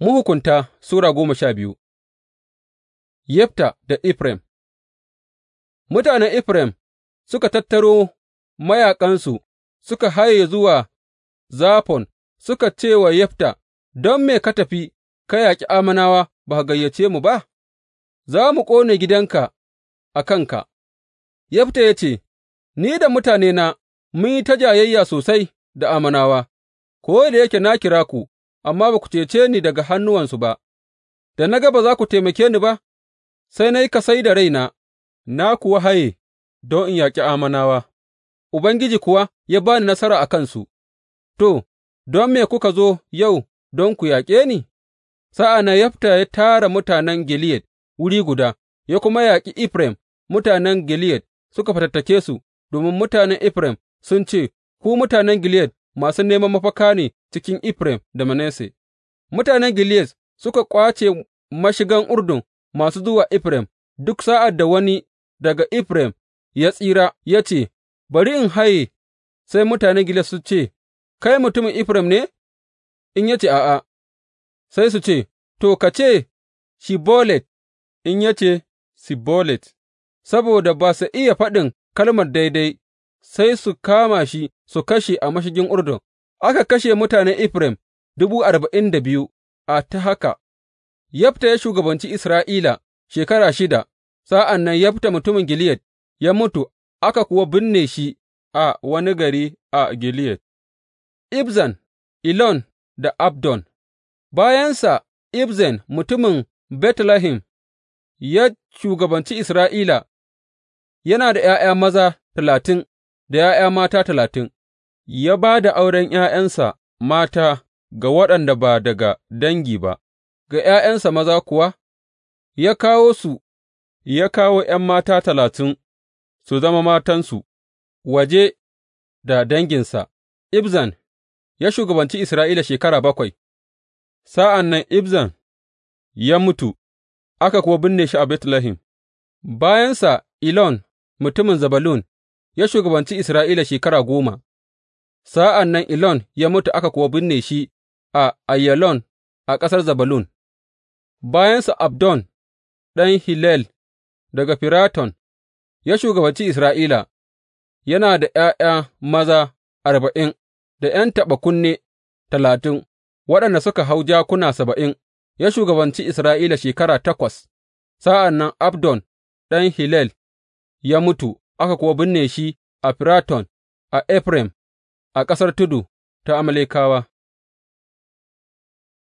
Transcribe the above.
Mahukunta Sura goma sha biyu Yefta da Efraim Mutanen Efraim suka tattaro mayaƙansu suka haye zuwa Zafon suka ce wa Yefta, Don me ka tafi ka yaƙi amanawa ba ka gayyace mu ba, za mu ƙone gidanka a kanka, Yefta ya ce, Ni da mutanena mun yi ta jayayya sosai da amanawa. ko da yake na kira ku. amma ba ku cece ni daga hannuwansu ba, da na ga ba za ku taimake ni ba, sai na yi kasai da raina, na kuwa haye don in yaƙi amanawa. Ubangiji kuwa ya ba ni nasara a kansu, to, don me kuka zo yau don ku yaƙe ni? sa'a na yafta ya tara mutanen Gileyad wuri guda, ya kuma yaƙi Efraim, mutanen Gileyad suka fatattake su, domin mutanen Efraim sun ce, Ku mutanen Gileyad masu neman mafaka ne cikin Efraim da Manasse, mutanen Gileyad suka ƙwace mashigan Urdun masu zuwa Efraim, duk sa'ad da wani daga Efraim ya tsira ya ce, Bari in haye, sai mutanen Gileyad su ce, Kai mutumin Efraim ne? In ya ce, A'a, sai su ce, To, ka ce, Shibolet, in ya ce, Sibolet, saboda ba su iya faɗin kalmar daidai sai su kama shi su kashe a mashigin Urdun, aka kashe mutanen Efraim dubu arba'in da biyu a ta haka, Yafta ya shugabanci Isra'ila shekara shida, sa'an nan Yafta mutumin Gileyad ya mutu, aka kuwa binne shi a wani gari a Gileyad. Ibzan, Ilon da Abdon Bayansa, Ibzan mutumin Betlehem ya shugabanci Isra'ila, yana da ’ya'ya maza talatin. da ’ya'ya mata talatin, ya ba da auren ’ya'yansa mata ga waɗanda ba daga dangi ba, ga ’ya'yansa maza kuwa, ya kawo su, ya kawo ’yan mata talatin su zama matansu, waje da danginsa, Ibzan ya shugabanci Isra'ila shekara bakwai, sa'an nan Ibzan ya mutu, aka kuwa binne shi a Betlehem, bayansa Elon mutumin Zabalun. ya shugabanci Isra'ila shekara goma, sa'an nan Elon ya mutu aka kuwa binne shi a Ayalon a ƙasar Zabalun, bayansa Abdon ɗan Hillel daga Firaton ya shugabanci Isra'ila, yana da ’ya'ya maza arba'in da ’yan taɓa kunne talatin waɗanda suka hau jakuna saba'in, ya shugabanci Isra'ila shekara takwas, sa'an nan Abdon ɗan Hillel ya mutu. aka kuwa binne shi a Firaton a Efraim, a ƙasar tudu ta Amalekawa.